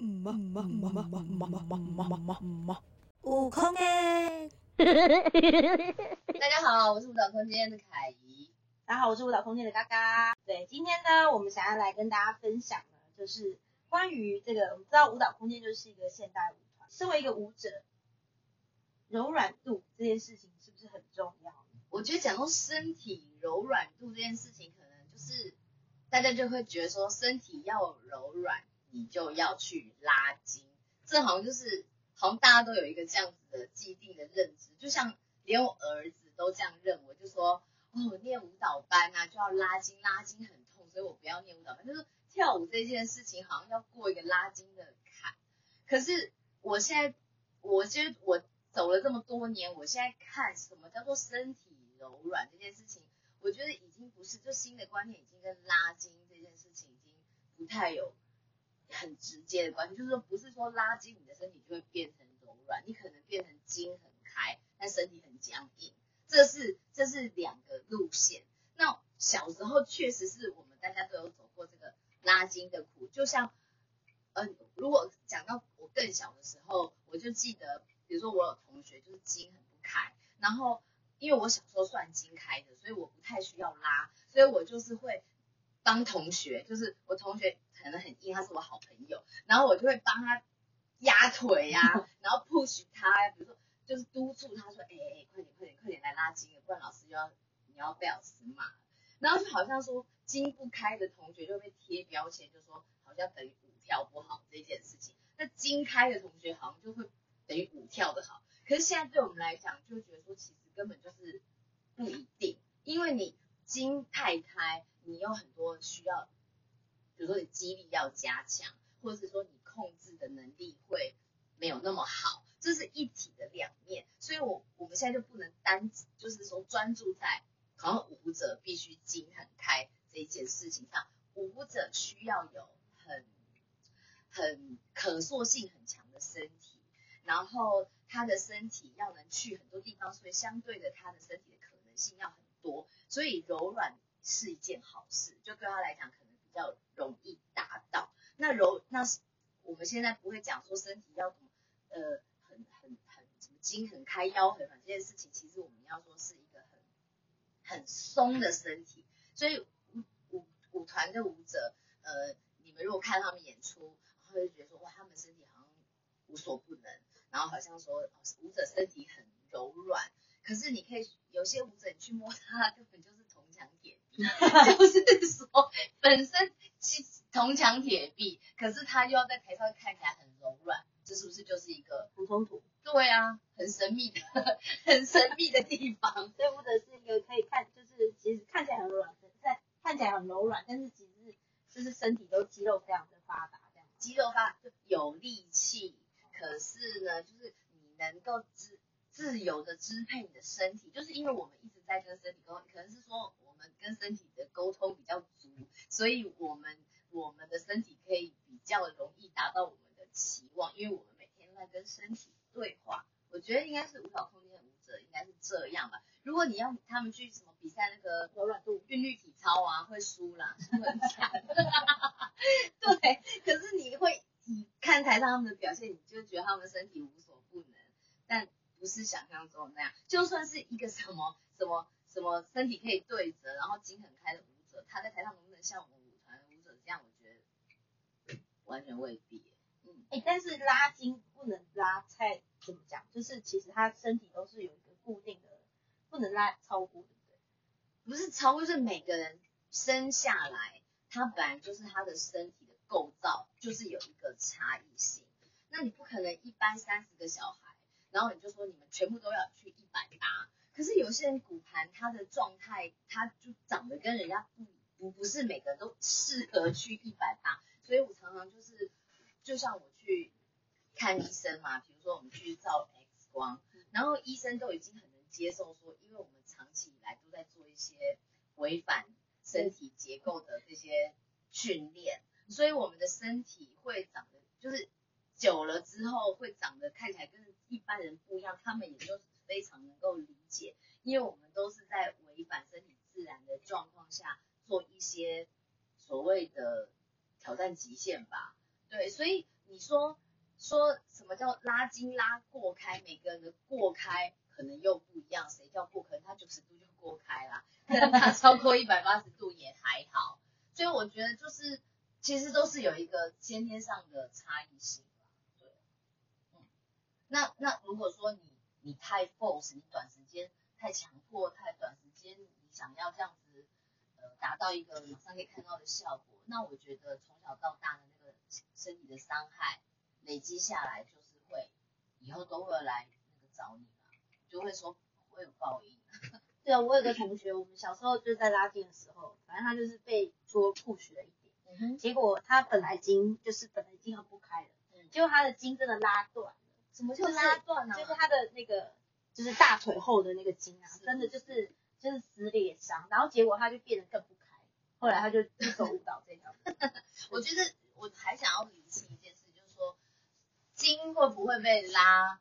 嗯嘛嗯嘛嗯嗯嗯嗯嗯嗯、悟空、欸、 大家好，我是舞蹈空間的凱怡。大家好，我是舞蹈空間的嘎嘎。對，今天呢，我們想要來跟大家分享呢，就是關於這個，我們知道舞蹈空間就是一個現代舞團。身為一個舞者，柔軟度這件事情是不是很重要？我覺得講到身體柔軟度這件事情，可能就是大家就會覺得說，身體要柔軟。你就要去拉筋，這好像就是好像大家都有一個這樣子的既定的認知，就像連我兒子都這樣認為，我就說哦，念舞蹈班吶，啊，就要拉筋，拉筋很痛，所以我不要念舞蹈班。就是跳舞這件事情好像要過一個拉筋的坎。可是我現在，我其實我走了這麼多年，我現在看什麼叫做身體柔軟這件事情，我覺得已經不是就新的觀點，已經跟拉筋這件事情已經不太有很直接的關係，就是說不是說拉筋你的身體就會變成柔軟，你可能變成筋很開，但身體很僵硬，這是這是兩個路線。那小時候確實是我們大家都有走過這個拉筋的苦，就像嗯、呃，如果講到我更小的時候，我就記得，比如說我有同學就是筋很不開，然後因為我小時候算筋開的，所以我不太需要拉，所以我就是會。幫同學，就是我同學可能很硬，他是我好朋友，然後我就會幫他壓腿呀、啊，然後 push 他呀，比如說就是督促他說，哎、欸欸、快點快點快點來拉筋，不然老師就要你要被老師罵。然後就好像說筋不開的同學就會被貼標籤，就說好像等於舞跳不好這件事情。那筋開的同學好像就會等於舞跳的好。可是現在對我們來講，就會覺得說其實根本就是不一定，因為你筋太開。你有很多需要，比如說你肌力要加強，或者是說你控制的能力會沒有那麼好，這是一體的兩面，所以我，我我們現在就不能單就是說專注在好像舞者必須筋很開這一件事情上，舞者需要有很很可塑性很強的身體，然後他的身體要能去很多地方，所以相對的他的身體的可能性要很多，所以柔軟度，是一件好事，就對他來講可能比較容易達到。那柔那是我們現在不會講說身體要怎麼呃很很很什麼筋很開腰很軟這件事情，其實我們要說是一個很很鬆的身體。所以舞舞舞團的舞者，呃，你們如果看他們演出，然後就覺得說哇，他們身體好像無所不能，然後好像說、哦、舞者身體很柔軟，可是你可以有些舞者你去摸他，根本就是銅牆鐵 就是說，本身其實銅牆鐵壁，可是他又要在台上看起來很柔軟，這是不是就是一個很衝突？對啊，很神秘的， 很神秘的地方。 對，或者是一個可以看，就是其實看起來很柔軟，但看起來很柔軟，但是其實就是身體都肌肉非常的發達，這樣肌肉發達就有力氣。嗯、可是呢，就是你能夠支自、自由的支配你的身體，就是因為我們一直在這個身體中，可能是說。跟身體的溝通比較足，所以我們我們的身體可以比較容易達到我們的期望，因為我們每天都在跟身體對話。我覺得應該是舞蹈空間的舞者應該是這樣吧。如果你要他們去什麼比賽，那個柔軟度、韻律體操啊，會輸啦。的 對，可是你會你看台上他們的表現，你就覺得他們身體無所不能，但不是想象中的那樣。就算是一個什麼什麼。什麼身體可以對折，然後筋很開的舞者，他在台上能不能像我們舞團舞、舞者這樣？我覺得完全未必。嗯、欸，但是拉筋不能拉太怎麼講？就是其實他身體都是有一個固定的，不能拉超過，對不對？不是超過，就是每個人生下來，他本來就是他的身體的構造就是有一個差異性。那你不可能一般三十個小孩，然後你就說你們全部都要去一百八。可是有些人骨盤它的狀態，它就長得跟人家不不不是每個人都適合去一百八，所以我常常就是就像我去看醫生嘛，比如說我們去照 X 光，然後醫生都已經很能接受說，因為我們長期以來都在做一些違反身體結構的這些訓練，所以我們的身體會長得就是久了之後會長得看起來跟一般人不一樣，他們也就是。非常能夠理解，因為我們都是在違反身體自然的狀況下做一些所謂的挑戰極限吧。對，所以你說說什麼叫拉筋拉過開，每個人的過開可能又不一樣。誰叫過，可能他九十度就過開啦，那 超過一百八十度也還好。所以我覺得就是其實都是有一個先天上的差異性。對，嗯，那那如果說你。你太 force 你短時間太強迫，太短時間你想要這樣子，呃，達到一個馬上可以看到的效果，那我覺得從小到大的那個身體的傷害累積下來，就是會以後都會來那個找你吧、啊，就會說會有報應。對啊，我有個同學，我們小時候就在拉筋的時候，反正他就是被說酷學一點，嗯、哼結果他本來筋就是本來筋要不開了，嗯、結果他的筋真的拉斷。什麼就，是、就拉斷啊？就是他的那個就是大腿後的那個筋啊，是是真的就是就是撕裂傷，然後結果他就變得更不開，後來他就走舞蹈 這條路。就是、我覺得我還想要理清一件事，就是說筋會不會被拉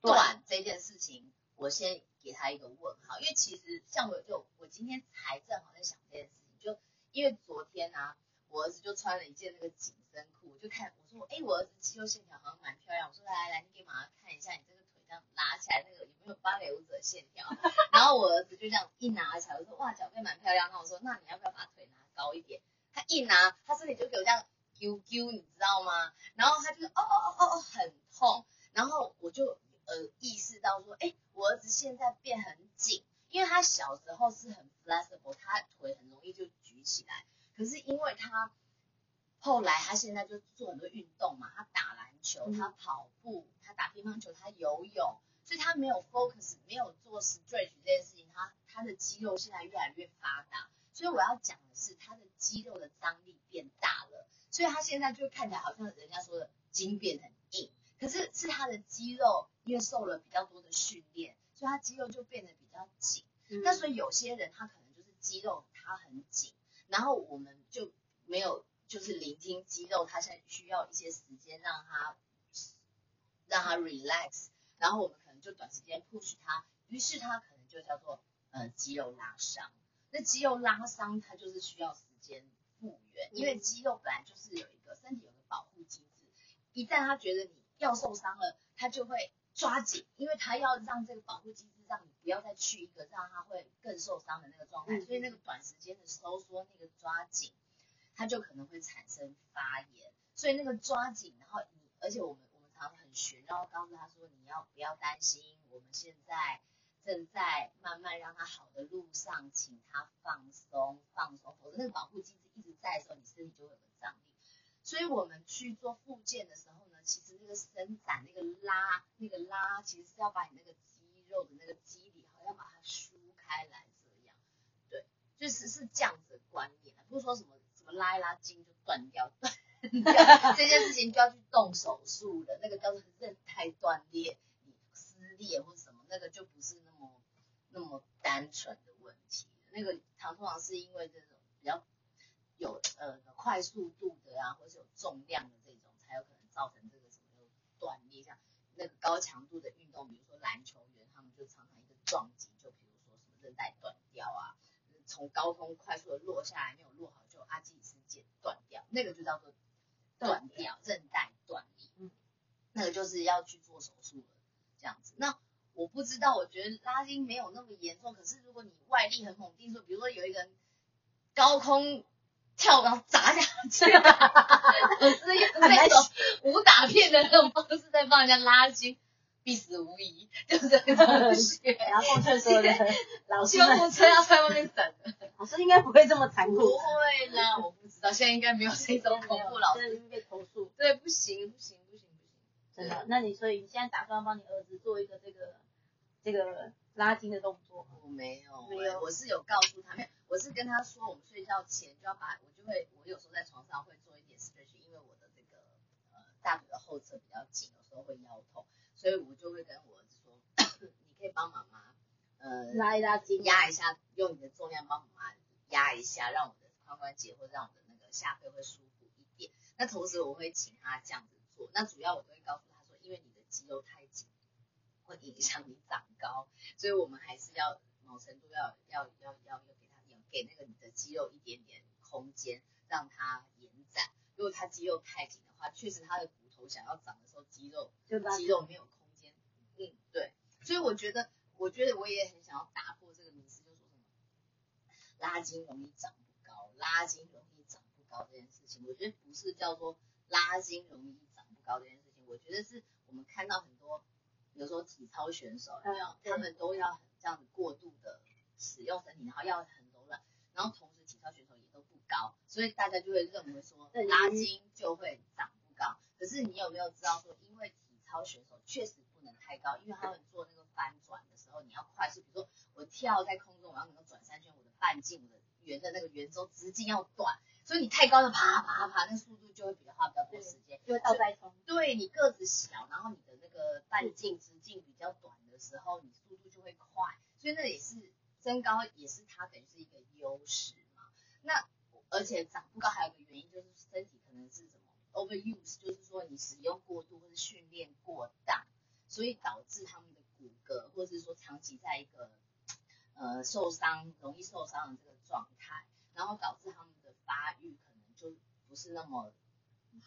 斷這件事情，對我先給他一個問號，因為其實像我就我今天才正好在想這件事情，就因為昨天啊。我兒子就穿了一件那個緊身褲，我就看我說，哎、欸，我兒子肌肉線條好像蠻漂亮。我說來來，你給媽媽看一下，你這個腿這樣拿起來那個有沒有芭蕾舞者線條？ 然後我兒子就這樣一拿起來，我說哇，腳背蠻漂亮。那我說那你要不要把腿拿高一點？他一拿，他身體就給我這樣揪揪，你知道嗎？然後他就哦哦哦哦哦，很痛。然後我就呃意識到說，哎、欸，我兒子現在變很緊，因為他小時候是很 flexible。他後來，他現在就做很多運動嘛，他打籃球，嗯、他跑步，他打乒乓球，他游泳，所以他沒有 focus，沒有做 stretch 這件事情，他他的肌肉現在越來越發達，所以我要講的是，他的肌肉的張力變大了，所以他現在就看起來好像人家說的筋變很硬，可是是他的肌肉因為受了比較多的訓練，所以他肌肉就變得比較緊。嗯、那所以有些人他可能就是肌肉他很緊，然後我們就。沒有，就是聆聽肌肉，它現在需要一些時間讓它讓它 relax，然後我們可能就短時間 push 它，於是它可能就叫做呃肌肉拉傷。那肌肉拉傷它就是需要時間復原，嗯、因為肌肉本來就是有一個身體有一個保護機制，一旦它覺得你要受傷了，它就會抓緊，因為它要讓這個保護機制讓你不要再去一個讓它會更受傷的那個狀態，嗯、所以那個短時間的收縮那個抓緊。它就可能會產生發炎，所以那個抓緊，然後你而且我們我們常常很懸，然後告訴他說，你要不要擔心，我們現在正在慢慢讓它好的路上，請他放鬆放鬆，否則那個保護機制一直在的時候，你身體就會有個張力。所以我們去做復健的時候呢，其實那個伸展、那個拉、那個拉，其實是要把你那個肌肉的那個肌理，好像把它梳開來，這樣對，就是是這樣子的觀點，不是說什麼。拉一拉筋就斷掉，斷掉這件事情就要去動手術的， 那個叫做韌帶斷裂、撕裂或什麼，那個就不是那麼那麼單純的問題。那個他通常是因為這種比較有，有呃有快速度的啊，或是有重量的這種，才有可能造成這個什麼斷裂。像那個高強度的運動，比如說籃球員，他們就常常一個撞擊，就比如說什麼韌帶斷掉啊，從高空快速的落下來沒有落好就，就阿基。那個就叫做斷掉，韌帶斷裂，那個就是要去做手術了，這樣子。那我不知道，我覺得拉筋沒有那麼嚴重。可是如果你外力很猛，比如說，比如說有一個人高空跳高砸下去，哈哈哈哈哈，是用那種武打片的那種方式在幫人家拉筋。必死無疑，就是對不對？ 然後他說，老師，救護車要在外面等。 老師應該不會這麼殘酷。不會啦，我不知道，現在應該沒有這種恐怖老師，應該投訴。對，不行，不行，不行，不行。真的對？對那你所以你現在打算幫你兒子做一個這個這個拉筋的動作啊？我沒有，沒有，沒有我是有告訴他，沒有，我是跟他們說，我們睡覺前就要把我就會，我有時候在床上會做一點 stretch 因為我的這個呃大腿的後側比較緊，有時候會腰痛。所以，我就會跟我兒子說， 你可以幫媽媽，呃，拉一拉筋，壓一下，用你的重量幫媽媽壓一下，讓我的髖關節或者讓我的那個下背會舒服一點。那同時，我會請他這樣子做。那主要我都會告訴他說，因為你的肌肉太緊，會影響你長高，所以我們還是要某程度要要要要要給他要給那個你的肌肉一點點空間，讓它延展。如果他肌肉太緊的話，確實他的。我想要長的時候，肌肉，對吧？肌肉沒有空間，嗯，對，所以我覺得，我覺得我也很想要打破這個迷思，就說什麼拉筋容易長不高，拉筋容易長不高這件事情，我覺得不是叫做拉筋容易長不高這件事情，我覺得是我們看到很多，比如說體操選手，嗯、他們都要很這樣子過度的使用身體，然後要很柔軟，然後同時體操選手也都不高，所以大家就會認為說拉筋就會長不高。可是你有沒有知道說，因為體操選手確實不能太高，因為他們做那個翻轉的時候，你要快速。比如說我跳在空中，我要能夠轉三圈，我的半徑，我的圓的那個圓周直徑要短，所以你太高的爬爬爬、爬，那個速度就會比較花比較多時間，對就會倒栽蔥。對，你個子小，然後你的那個半徑直徑比較短的時候，你速度就會快，所以那也是身高也是它等於是一個優勢嘛。那而且長不高還有一個原因就是身體可能是怎麼。overuse 就是說你使用過度或者是訓練過大，所以導致他們的骨骼或者是說長期在一個呃受傷容易受傷的這個狀態，然後導致他們的發育可能就不是那麼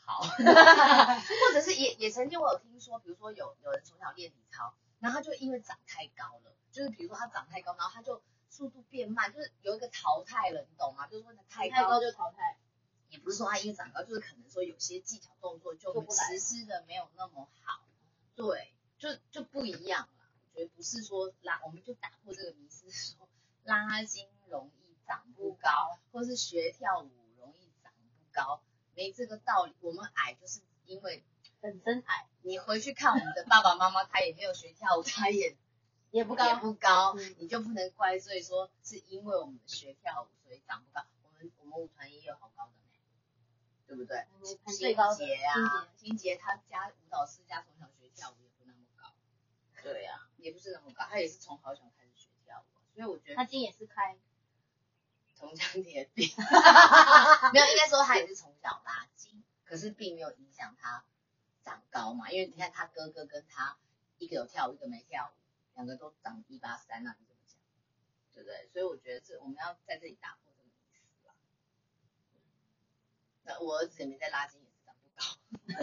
好， 或者是也也曾經我有聽說，比如說有有人從小練體操，然後他就因為長太高了，就是比如說他長太高，然後他就速度變慢，就是有一個淘汰了，你懂嗎？就是說他太高就淘汰。淘汰也不是說他因為長高，就是可能說有些技巧動作就實施的沒有那麼好，對，就就不一樣了。我覺得不是說拉，我們就打破這個迷思，說拉筋容易長不高，或是學跳舞容易長不高，沒這個道理。我們矮就是因為本身矮。你回去看我們的爸爸媽媽， 他也沒有學跳舞，他也也不高也不高，不高嗯、你就不能怪罪說是因為我們的學跳舞所以長不高。我們我們舞團也有好高的。對不對？金傑啊，金傑他家舞蹈世家從小學跳舞也不那麼高，對呀、嗯，也不是那麼高，啊、他也是從好小開始學跳舞，所以我覺得他筋也是開，銅牆鐵壁， 沒有，應該說他也是從小拉筋， 可是並沒有影響他長高嘛，因為你看他哥哥跟他一個有跳舞，一個沒跳舞，兩個都長、啊、那一八三啊，對不對？所以我覺得這我們要在這裡打破。我兒子也沒在拉筋，也是長不高，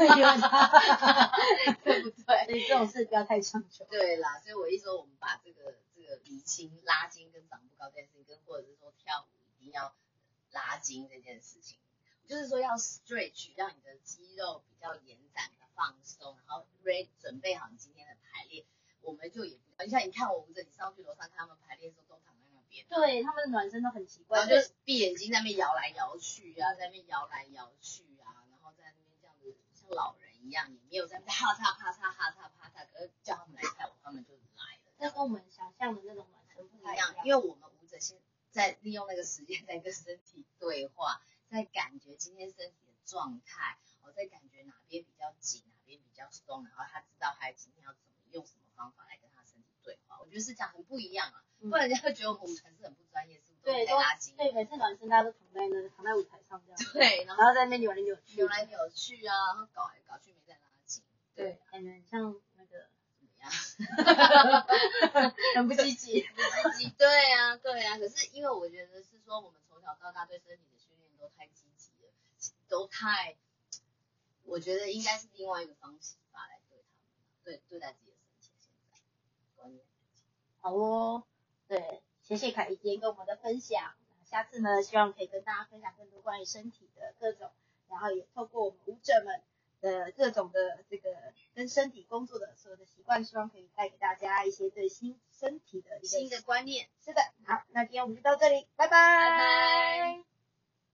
對不對？所以這種事不要太強求。對啦，所以我一說我們把這個這個釐清拉筋跟長不高這件事情，跟或者是說跳舞一定要拉筋這件事情，就是說要 stretch 讓你的肌肉比較延展、放鬆，然後 ready 準備好你今天的排練，我們就也不要。你像你看我們這你上去樓上看他們排練的時候都態。對，他們的暖身都很奇怪，就閉眼睛在那邊搖來搖去啊，在那邊搖來搖去啊，然後在那邊這樣子像老人一樣，也沒有在啪嚓啪嚓啪嚓啪嚓，嚓，嚓，可是叫他們來跳，我他們就來了。那跟我們想象的那種暖身不一樣，因為我們舞者現在利用那個時間在跟身體對話，在感覺今天身體的狀態，我在感覺哪邊比較緊，哪邊比較鬆，然後他知道他今天要怎麼用什麼方法來跟他身體對話。我覺得是這樣很不一樣啊。不然人家會覺得我們還是很不專業，是不是？對，在拉筋，每次男生大家都躺在那，躺在舞台上，這樣對，然後在那扭來扭去，扭來扭去啊，然後搞來搞去沒在拉筋，對，感覺像那個怎麼樣？哈哈哈哈哈，很不積極，不積極，對啊，對啊。可是因為我覺得是說我們從小到大對身體的訓練都太積極了，都太，我覺得應該是另外一個方式吧，來對，對對待自己的身體現在觀念。好哦。對，謝謝凱怡今天跟我們的分享。下次呢，希望可以跟大家分享更多關於身體的各種，然後也透過我們舞者們的各種的這個跟身體工作的所有的習慣，希望可以帶給大家一些對新身體的一個新的觀念。是的，好，那今天我們就到這裡，拜拜。Bye bye